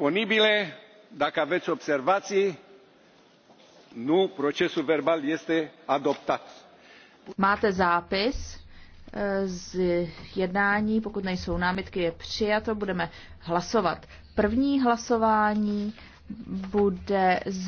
disponibile dacă aveți observații nu procesul verbal este adoptat. Máte zápis eh, z jednání, pokud nejsou námitky, je přijato, budeme hlasovat. První hlasování bude